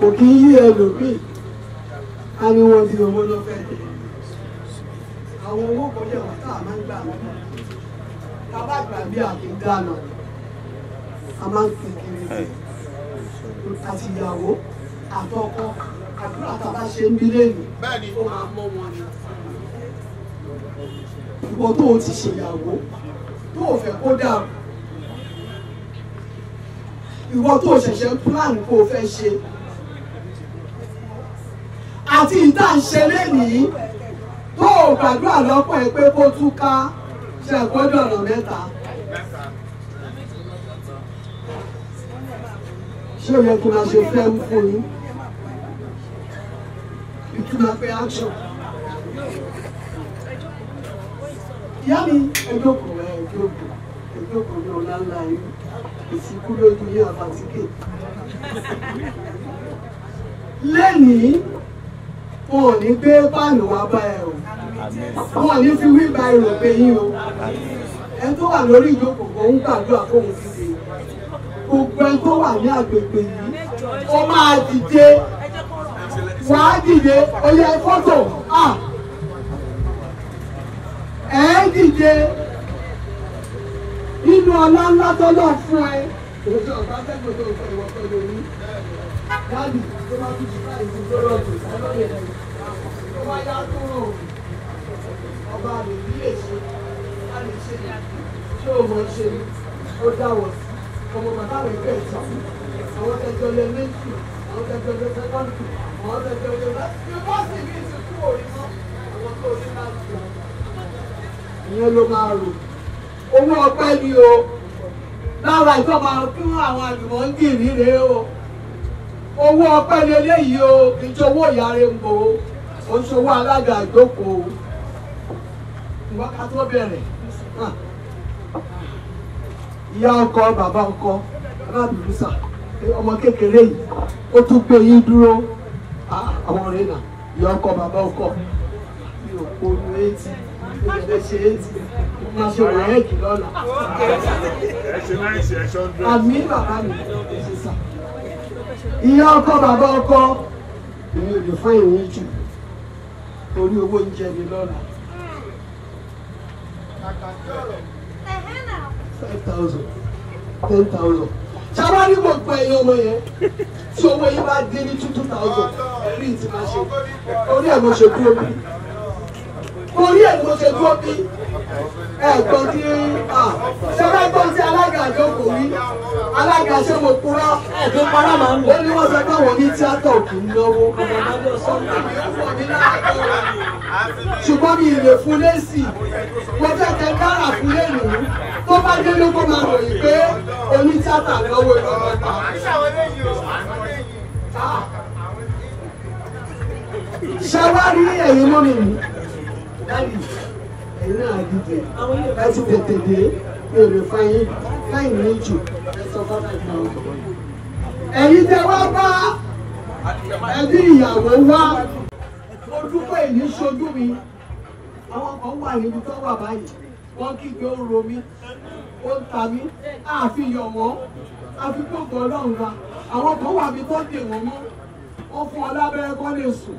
kò kí ń yí ẹlòmíì a ní wọn ti owó ló fẹ́ dé àwọn owó kan lè wọ́n tá a máa ń gbà wọn tá a bá gbà bí àkíndáná a máa ń fi kiri àtìyàwó àtọkọ àdúrà tá a bá ṣe ń bí lẹ́yìn ó máa mọ́ wọn ni ìwọ tó o ti ṣèyàwó tó o fẹ́ kó dàrú ìwọ tó o ṣẹ̀ṣẹ̀ plan kó o fẹ́ ṣe àti ìta ń ṣe lẹ́nìí tó o gbàdúrà lọ́pọ̀ ẹ pé kó tú ká ṣe àgbọ́dọ̀ ọ̀nà mẹ́ta. ṣé o yẹ kí n máa ṣe fẹ́ ń fún yín? ìtumọ̀ pé action ìyá mi ẹjọ́kọ̀ ẹjọ́kọ̀ ẹjọ́kọ̀ ní ọ̀la ńlá yìí ìsìnkú lójú ilé àbátíkè. lẹ́nìí wọn ò ní gbé páànù wá bá ẹ o wọn ò ní fi wíìbá ẹrù pé yín o ẹ tó wà lórí ìjókòó kan ń gbàdúrà fóun dìde gbogbo ẹ tó wà ní àgbègbè yìí ó máa dìde wàá dìde ó yẹ fọ́tò ah ẹ dìde nínú ọlá ńlá tó lọ fún ẹ. òṣèlú ọ̀gá tẹ́gbọ̀n tó ń fọ ìwọ pẹ̀lú orí. dáàbì tó bá tún ṣíkà ìlú gbọ́dọ̀ tó sálọ́yẹ̀ tó bá yá tó rò ọba rẹ̀ bí èṣe a lè àwọn tẹ̀jọ́ lẹ méjì àwọn tẹ̀jọ́ lẹ sẹ́kọ́ndì àwọn tẹ̀jọ́ lẹ bá ṣe bá ṣe bí kú òrí mọ́ àwọn tó ní láti lọ ìyẹn ló máa rò owó ọpẹ́ ni o lára ìjọba fún àwọn àlùmọ́ńgìrì rèé o owó ọpẹ́ ni eléyìí o kì í ṣe owó ìyá rẹ̀ ń bò ó ó ń ṣe owó alága ìdókòó ìwọ́n ká tó bẹ̀rẹ̀ ìyá ọkọ bàbá ọkọ alábìlú sà ọmọ kékeré yìí ó tún gbé yín dúró ah, àwọn ọ̀rẹ́ náà ìyá ọkọ bàbá ọkọ mi ò kó nu etí máa ṣe wàhálà kì lọ́la. àmì bàbá mi ìyá ọkọ bàbá ọkọ èmi ò lè fún ìwé jù orí owó ń jẹ mi lọ́la. five thousand ten thousand sábà ní mo gba ẹyọ ọmọ yẹn tí owó yìí bá dé ní two two thousand ẹ̀rí ti máa ṣe orí ẹ̀ mo ṣe kúrò bí torí ẹ̀ ló ṣe dúró bí ẹ̀gbọ́n ní à ṣẹ́gbẹ́gbọ́n tí alága àjọkò rí alága ṣé mo kúrá ẹ̀dùn para máa ń lò. ó ní wọ́n sọ pé àwọn ní tíátà òkú ń lọ́wọ́ ṣùgbọ́n mi ìrè fún lẹ́sì mo fẹ́ tẹ kára fún lẹ́nu tó bá dé ló kó máa ròyìn pé oní tíátà lọ́wọ́ ìlọ́mọta. ṣé wá rí ẹ̀yin mọ́ mi mú dáàbì ẹ̀yin náà dìde ẹ ti tètè dé mi ò lè fa yín láì ní jù ẹ sọ fọ́nà ìgbà ọ̀dọ́. ẹ̀yin tẹ wá bá ẹbí ìyàwó wá ojú pé èyí ṣojú mi àwọn kan wà níbi tó wà báyìí wọ́n kígbe ó ro mi ó ń ta mí àfi yọ̀ wọ́n àfi gbogbo ọlọ́run wa àwọn kan wà mí tó dè wọ́n mọ́ ó fún ọ lábẹ́rẹ́ kọ́ lè sùn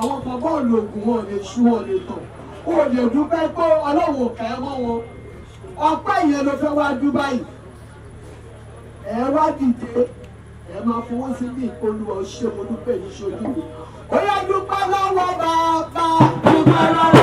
àwọn kan bọ́ọ̀lù ògùn wọn lè ṣú wọn lè tàn kò lè dúpẹ́ pé ọlọ́wọ́ kẹ́ ẹ mọ́ wọn ọpẹ́ yẹn ló fẹ́ wá dúbà yìí ẹ wá dìde ẹ máa fowó sí bí olúwa ṣé mo dúpẹ́ ní ṣojú mi ó yá dúpẹ́ lọ́wọ́ bàbá dúpẹ́ lọ́wọ́.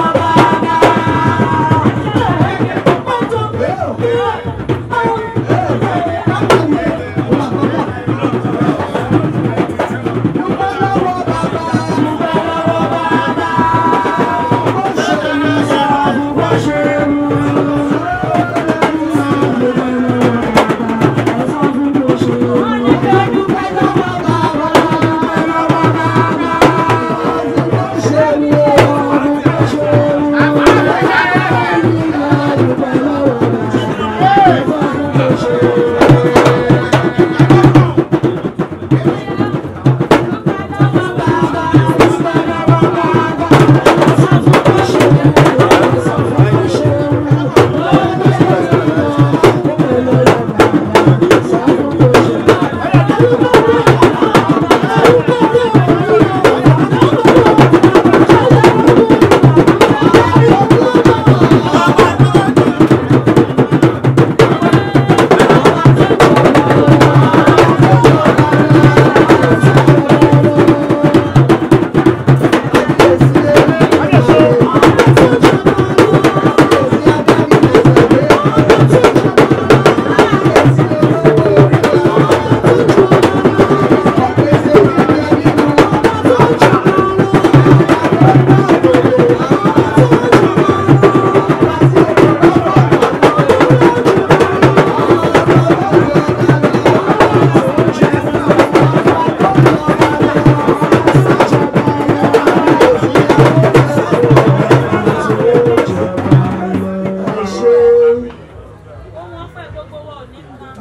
Deus.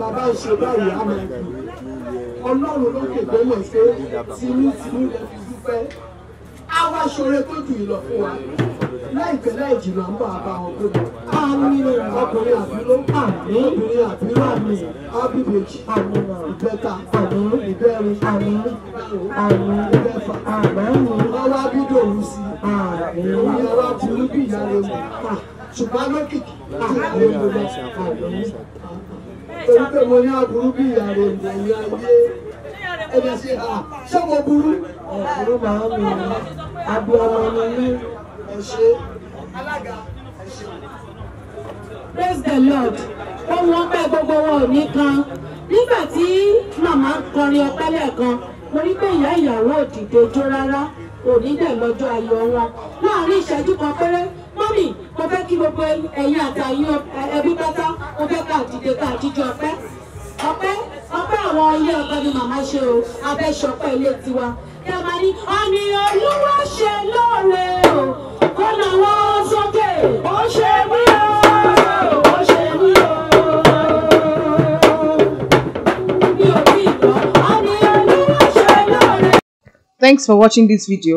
bàbá ìṣèlú àyè àmọ́ ọlọ́run lókè gbẹ́lẹ̀ pé tinútinú lè fi dúpẹ́ àwa ṣoore tó jù ìlọ fún wa láìpẹ́ láì jìnnà ń bọ̀ àbá wọn gbogbo àmì ọkùnrin àbíló àmì obìnrin àbíló àmì ábíbèjì àmì ìbẹ́ta àmì ìbẹ́rin àmì àmì ìbẹ́fà àmì ọwọ́ abídòwú sí àmì òun ẹwà burú bí ìyá rẹ̀ mọ̀ ṣùgbọ́n lókìkí àmì ìbẹ́fà àmì torí pé mo ní aburú bí ìyàrá ìgbẹ̀yìn ayé ẹ̀dẹ̀ ṣe hà ṣé mo burú ọ̀burú màá mi ò abú ọmọ mi ní ẹ̀ṣẹ́ alága ẹ̀ṣẹ́. Praise the Lord ohun ọpẹ́ gbogbo wọn ò ní kan nígbà tí màmá kọrin ọpẹ́ lẹ́ẹ̀kan mo rí pé ìyá ìyàwó òdìdejò rárá òní dẹ̀ lọ́jọ́ ayọ̀ wọn láàrin ìṣẹ́jú kan péré mọ́mì mo fẹ́ kí gbogbo ẹ̀yin àtàyìn ẹbí pátá mo fẹ́ ká àdìde ká àdìjọ ọpẹ́ ọpẹ́ ọpẹ́ àwọn ilé ọgbẹ́ ni màmá ṣe o abẹ́ṣọpẹ́ ilé tiwa kí a máa ní àmì olúwa ṣe lóore o kó làwọn sókè ó ṣe wí Thanks for watching this video.